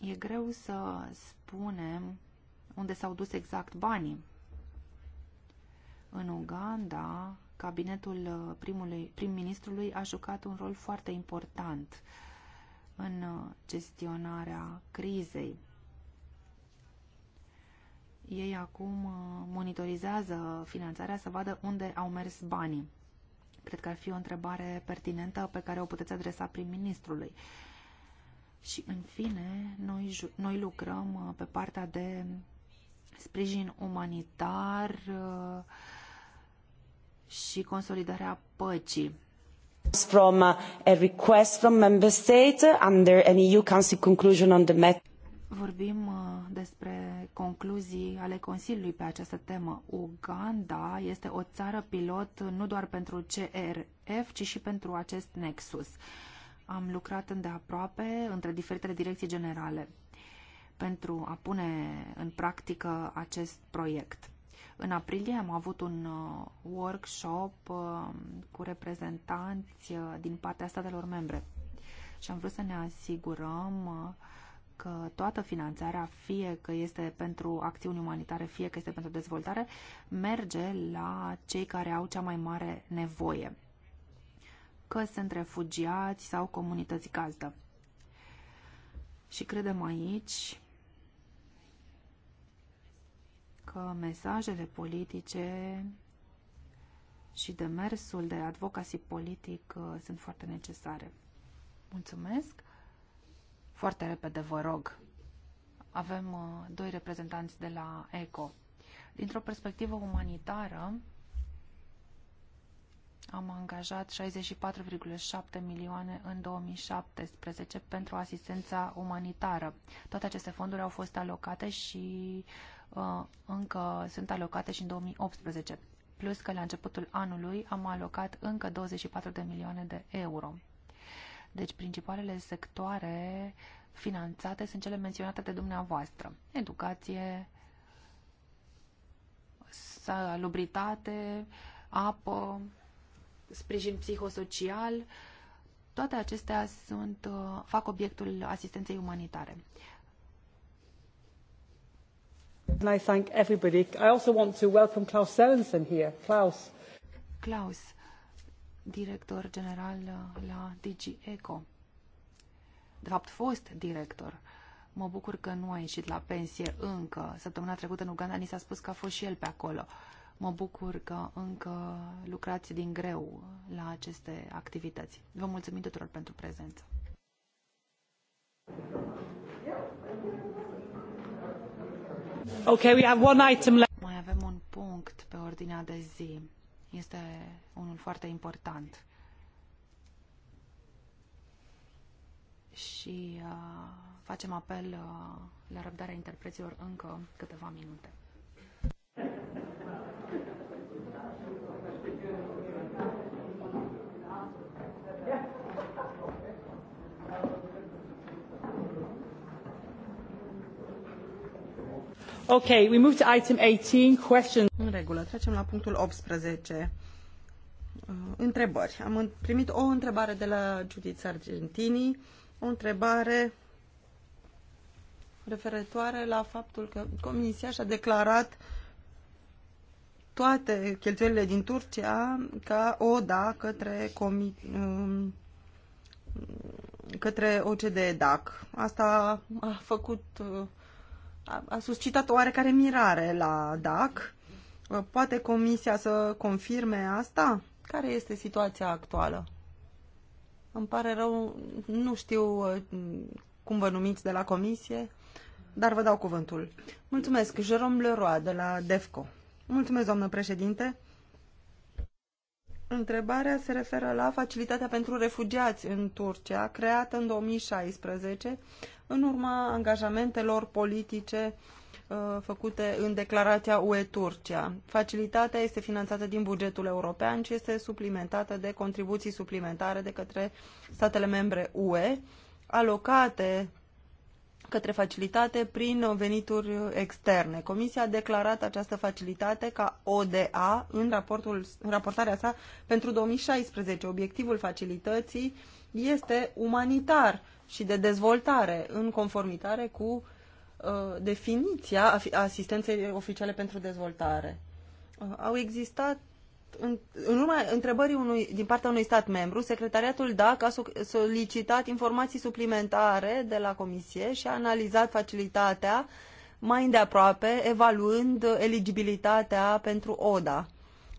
E greu să spunem unde s-au dus exact banii. În Uganda, cabinetul uh, prim-ministrului a jucat un rol foarte important în uh, gestionarea crizei. Ei acum uh, monitorizează finanțarea să vadă unde au mers banii. Cred că ar fi o întrebare pertinentă pe care o puteți adresa prim-ministrului. Și, în fine, noi, noi lucrăm uh, pe partea de sprijin umanitar uh, și consolidarea păcii. From a request from member state under an EU Council conclusion on the matter. Vorbim uh, despre concluzii ale Consiliului pe această temă. Uganda este o țară pilot nu doar pentru CRF, ci și pentru acest nexus. Am lucrat îndeaproape între diferitele direcții generale pentru a pune în practică acest proiect. În aprilie am avut un uh, workshop uh, cu reprezentanți din partea statelor membre și am vrut să ne asigurăm că toată finanțarea, fie că este pentru acțiuni umanitare, fie că este pentru dezvoltare, merge la cei care au cea mai mare nevoie, că sunt refugiați sau comunități gazdă. Și credem aici că mesajele politice și demersul de advocacy politic uh, sunt foarte necesare. Mulțumesc! Foarte repede, vă rog. Avem uh, doi reprezentanți de la ECO. Dintr-o perspectivă umanitară, am angajat 64,7 milioane în 2017 pentru asistența umanitară. Toate aceste fonduri au fost alocate și uh, încă sunt alocate și în 2018. Plus că la începutul anului am alocat încă 24 de milioane de euro. Deci principalele sectoare finanțate sunt cele menționate de dumneavoastră. Educație, salubritate, apă, sprijin psihosocial, toate acestea sunt, uh, fac obiectul asistenței umanitare. And I thank everybody. I also want to welcome Klaus Sørensen here. Klaus. Klaus, director general uh, la DigiEco. De fapt, fost director. Mă bucur că nu a ieșit la pensie încă. Săptămâna trecută în Uganda ni s-a spus că a fost și el pe acolo. Mă bucur că încă lucrați din greu uh, la aceste activități. Vă mulțumim tuturor pentru prezență. Okay, we have one item left. Mai avem un punct pe ordinea de zi este unul foarte important. Și uh, facem apel uh, la răbdarea interpreților încă câteva minute. Okay, we move to item 18, questions regulă. Trecem la punctul 18. Uh, întrebări. Am primit o întrebare de la Judith Argentini, o întrebare referitoare la faptul că Comisia și-a declarat toate cheltuielile din Turcia ca ODA către, comi, um, către OCDE DAC. Asta a făcut uh, a, a suscitat oarecare mirare la DAC Uh, poate Comisia să confirme asta? Care este situația actuală? Îmi pare rău, nu știu uh, cum vă numiți de la Comisie, dar vă dau cuvântul. Mulțumesc, Jerome Leroy de la DEFCO. Mulțumesc, doamnă președinte. Întrebarea se referă la facilitatea pentru refugiați în Turcia, creată în 2016, în urma angajamentelor politice Uh, făcute în declarația UE-Turcia. Facilitatea este finanțată din bugetul european și este suplimentată de contribuții suplimentare de către statele membre UE, alocate către facilitate prin venituri externe. Comisia a declarat această facilitate ca ODA în, raportul, în raportarea sa pentru 2016. Obiectivul facilității este umanitar și de dezvoltare în conformitate cu uh, Uh, definiția asistenței oficiale pentru dezvoltare. Uh, au existat în, în urma întrebării unui, din partea unui stat membru, secretariatul DAC a solicitat informații suplimentare de la comisie și a analizat facilitatea mai îndeaproape, evaluând eligibilitatea pentru ODA.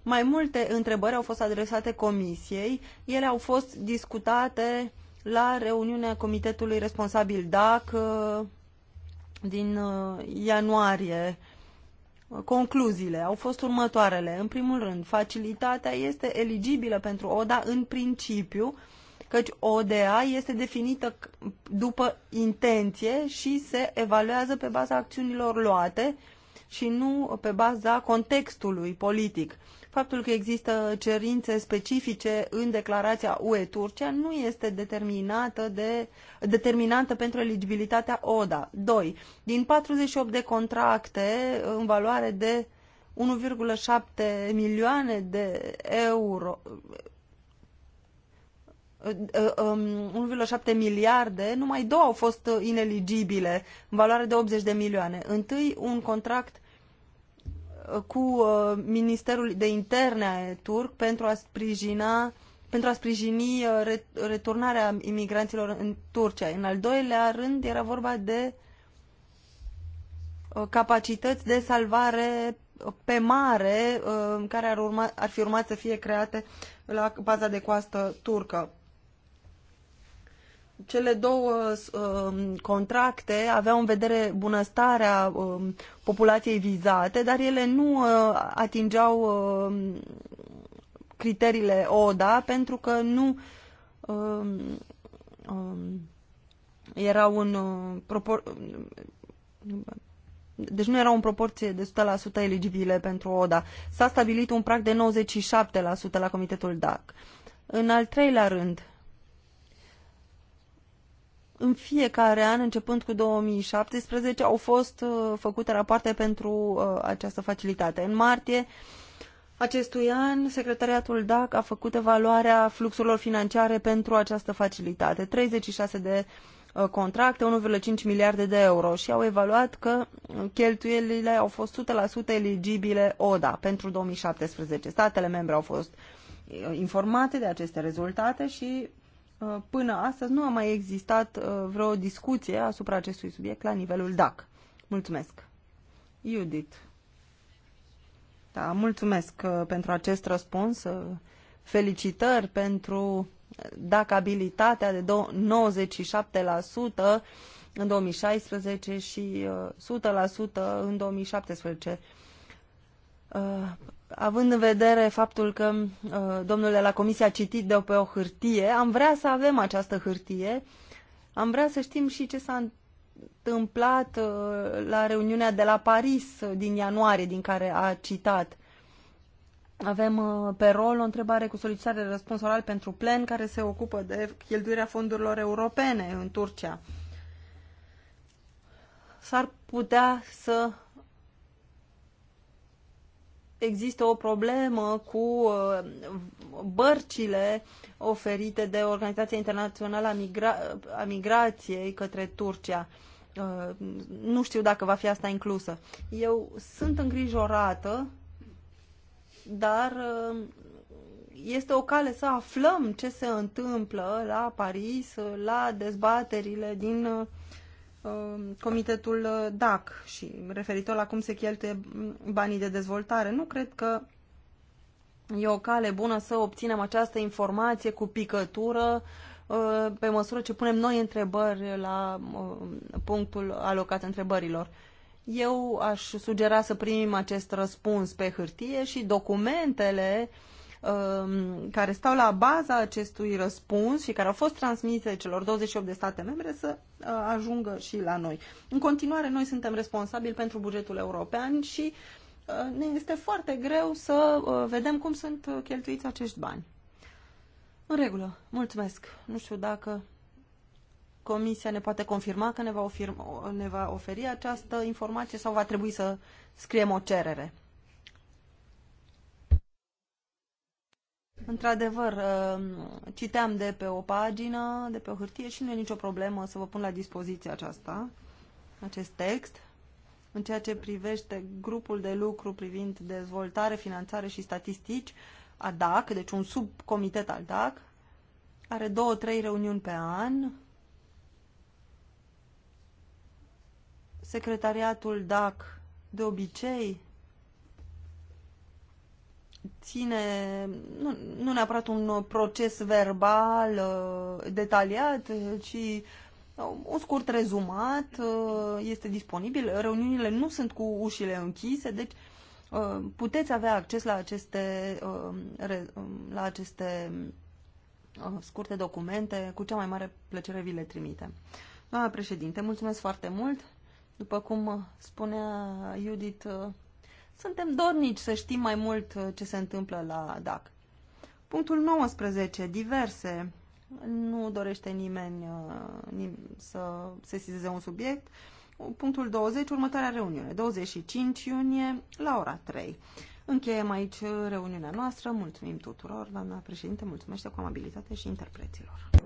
Mai multe întrebări au fost adresate comisiei, ele au fost discutate la reuniunea comitetului responsabil DAC uh, din uh, ianuarie, concluziile au fost următoarele. În primul rând, facilitatea este eligibilă pentru ODA în principiu, căci ODA este definită după intenție și se evaluează pe baza acțiunilor luate și nu pe baza contextului politic. Faptul că există cerințe specifice în declarația UE-Turcia nu este determinată de, determinantă pentru eligibilitatea ODA. 2. Din 48 de contracte în valoare de 1,7 milioane de euro 1,7 ă, ă, ă, um, miliarde, numai două au fost ineligibile, în valoare de 80 de milioane. Întâi, un contract cu uh, Ministerul de Interne turc pentru a sprijina pentru a sprijini uh, returnarea imigranților în Turcia. În al doilea rând era vorba de uh, capacități de salvare pe mare care ar, urma, ar fi urmat să fie create la baza de coastă turcă cele două um, contracte aveau în vedere bunăstarea um, populației vizate, dar ele nu uh, atingeau um, criteriile ODA pentru că nu erau în uh, propor... Deci nu erau în proporție de 100% eligibile pentru ODA. S-a stabilit un prag de 97% la Comitetul DAC. În al treilea rând, în fiecare an, începând cu 2017, au fost uh, făcute rapoarte pentru uh, această facilitate. În martie acestui an, Secretariatul DAC a făcut evaluarea fluxurilor financiare pentru această facilitate. 36 de uh, contracte, 1,5 miliarde de euro și au evaluat că cheltuielile au fost 100% eligibile ODA pentru 2017. Statele membre au fost informate de aceste rezultate și Uh, până astăzi nu a mai existat uh, vreo discuție asupra acestui subiect la nivelul DAC. Mulțumesc. Iudit. Da, mulțumesc uh, pentru acest răspuns. Felicitări pentru dacabilitatea de 97% în 2016 și 100% în 2017 având în vedere faptul că uh, domnul de la comisie a citit de pe o hârtie, am vrea să avem această hârtie, am vrea să știm și ce s-a întâmplat uh, la reuniunea de la Paris uh, din ianuarie, din care a citat. Avem pe rol o întrebare cu solicitare de răspuns oral pentru plen care se ocupă de cheltuirea fondurilor europene în Turcia. S-ar putea să există o problemă cu uh, bărcile oferite de Organizația Internațională a, Migra- a Migrației către Turcia. Uh, nu știu dacă va fi asta inclusă. Eu sunt îngrijorată, dar uh, este o cale să aflăm ce se întâmplă la Paris, la dezbaterile din Um, comitetul uh, DAC și referitor la cum se cheltuie banii de dezvoltare. Nu cred că e o cale bună să obținem această informație cu picătură uh, pe măsură ce punem noi întrebări la um, punctul alocat întrebărilor. Eu aș sugera să primim acest răspuns pe hârtie și documentele uh, Um, care stau la baza acestui răspuns și care au fost transmise celor 28 de state membre să uh, ajungă și la noi. În continuare, noi suntem responsabili pentru bugetul european și uh, ne este foarte greu să uh, vedem cum sunt cheltuiți acești bani. În regulă, mulțumesc. Nu știu dacă Comisia ne poate confirma că ne va, ofirma, ne va oferi această informație sau va trebui să scriem o cerere. Într-adevăr, uh, citeam de pe o pagină, de pe o hârtie și nu e nicio problemă să vă pun la dispoziție aceasta, acest text. În ceea ce privește grupul de lucru privind dezvoltare, finanțare și statistici, a DAC, deci un subcomitet al DAC, are două, trei reuniuni pe an. Secretariatul DAC de obicei ține nu, nu neapărat un proces verbal uh, detaliat, uh, ci uh, un scurt rezumat este disponibil. Reuniunile nu sunt cu ușile închise, deci puteți avea acces la aceste, um, la aceste scurte documente. Cu cea mai mare plăcere vi le trimite. Doamna președinte, mulțumesc foarte mult. După cum spunea Judith, suntem dornici să știm mai mult uh, ce se întâmplă la DAC. Punctul 19. Diverse. Nu dorește nimeni uh, nim să sesizeze un subiect. Punctul 20. Următoarea reuniune. 25 iunie la ora 3. Încheiem aici uh, reuniunea noastră. Mulțumim tuturor, doamna președinte, mulțumesc cu amabilitate și interpreților.